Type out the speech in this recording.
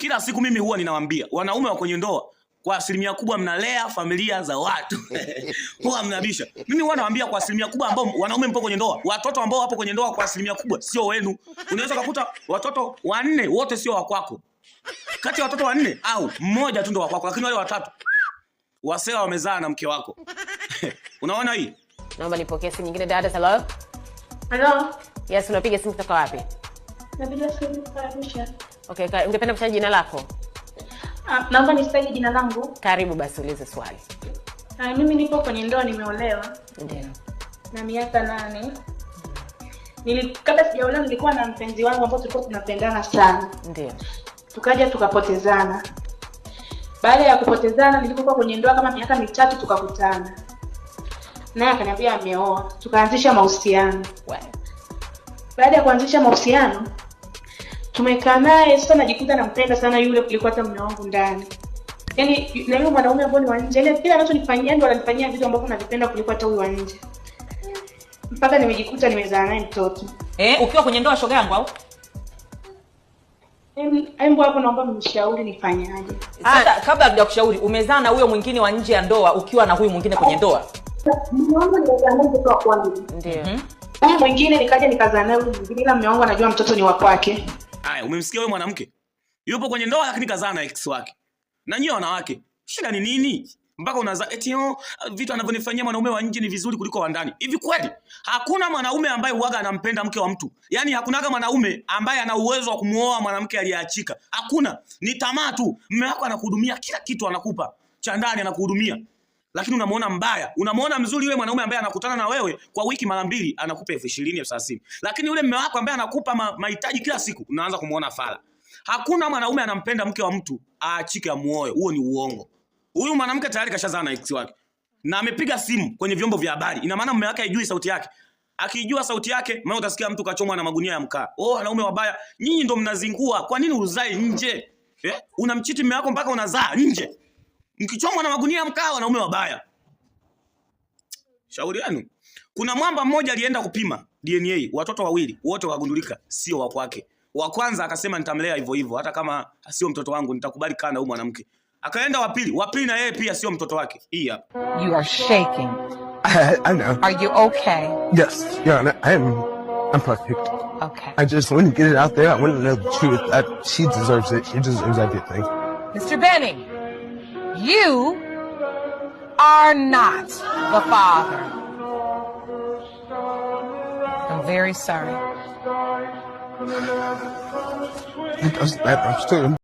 kila siku mimi huwa ninawambia wanaume wa kwenye ndoa kwa asilimia kubwa mnalea familia za watu huwa mnabisha. Mimi huwa nawaambia kwa asilimia kubwa ambao wanaume mpo kwenye ndoa, watoto ambao wapo kwenye ndoa kwa asilimia kubwa sio wenu. Unaweza kukuta watoto wanne wote sio wa kwako, kati ya watoto wanne au mmoja tu ndo wa kwako, lakini wale watatu wasewa wamezaa na mke wako unaona hii. Naomba nipokee simu nyingine. Dada, hello hello. Yes, unapiga simu kutoka wapi? Okay, ungependa kutaja jina lako? Uh, naomba nisitaje jina langu. Karibu basi ulize swali. Uh, mimi nipo kwenye ndoa nimeolewa. Ndio. Na miaka nane. Nili, kabla sijaolewa nilikuwa na mpenzi wangu ambao tulikuwa tunapendana sana. Ndio. Tukaja tukapotezana. Baada ya kupotezana nilipokuwa kwenye ndoa kama miaka mitatu tukakutana. Naye akaniambia ameoa. Tukaanzisha mahusiano. Baada ya kuanzisha mahusiano tumekaa naye sasa, najikuta nampenda sana yule kuliko hata mume wangu ndani, yani na yule mwanaume ambao ni wa nje, yaani kila anachonifanyia ndo ananifanyia vitu ambavyo navipenda kuliko hata huyu wa nje, mpaka nimejikuta nimezaa naye mtoto. Eh, ukiwa kwenye ndoa shoga yangu au Embo hapo naomba mnishauri nifanyaje? Sasa ah, kabla ya kushauri, umezaa na huyo mwingine wa nje ya ndoa ukiwa na huyu mwingine kwenye ndoa? mwanangu mwanangu ni kwangu Ndio. mwingine nikaja nikazaa naye mwingine, ila mwanangu anajua mtoto ni wa kwake. Haya, umemsikia wewe mwanamke? Yupo kwenye ndoa lakini kazaa na ex wake. Na nyie wanawake, shida ni nini? Mpaka unaza eti yo oh, vitu anavyonifanyia mwanaume wa nje ni vizuri kuliko wa ndani. Hivi kweli? Hakuna mwanaume ambaye uaga anampenda mke wa mtu. Yaani kama mwanaume ambaye ana uwezo wa kumuoa mwanamke aliyeachika. Hakuna. Ni tamaa tu. Mume wako anakuhudumia kila kitu anakupa. Cha ndani anakuhudumia lakini unamuona mbaya, unamuona mzuri yule mwanaume ambaye anakutana na wewe kwa wiki mara mbili, anakupa elfu ishirini elfu thelathini lakini yule mume wako ambaye anakupa ma, mahitaji kila siku, unaanza kumuona fala. Hakuna mwanaume anampenda mke wa mtu aachike amuoe, huo ni uongo. Huyu mwanamke tayari kashazaa na ex wake na amepiga simu kwenye vyombo vya habari, ina maana mume wake haijui sauti yake. Akijua sauti yake, mimi utasikia mtu kachomwa na magunia ya mkaa. Oh, wanaume wabaya nyinyi, ndo mnazingua. Kwa nini uzae nje eh? Unamchiti mume wako mpaka unazaa nje mkichomwa na magunia mkaa wanaume wabaya. Shauri yenu. Kuna mwamba mmoja alienda kupima DNA, watoto wawili wote wagundulika sio wa kwake. Wa kwanza akasema nitamlea hivyo hivyo, hata kama sio mtoto wangu nitakubali kana huyu mwanamke. Akaenda wa pili, wa pili na yeye pia sio mtoto wake. Hii hapa. You are shaking. I know. Are you okay? Yes, Yeah, I am I'm perfect. Okay. I just want to get it out there. I want to know the truth. I, she deserves it. She deserves everything. Mr. Benning. You are not the Father. I'm very sorry. I'm still.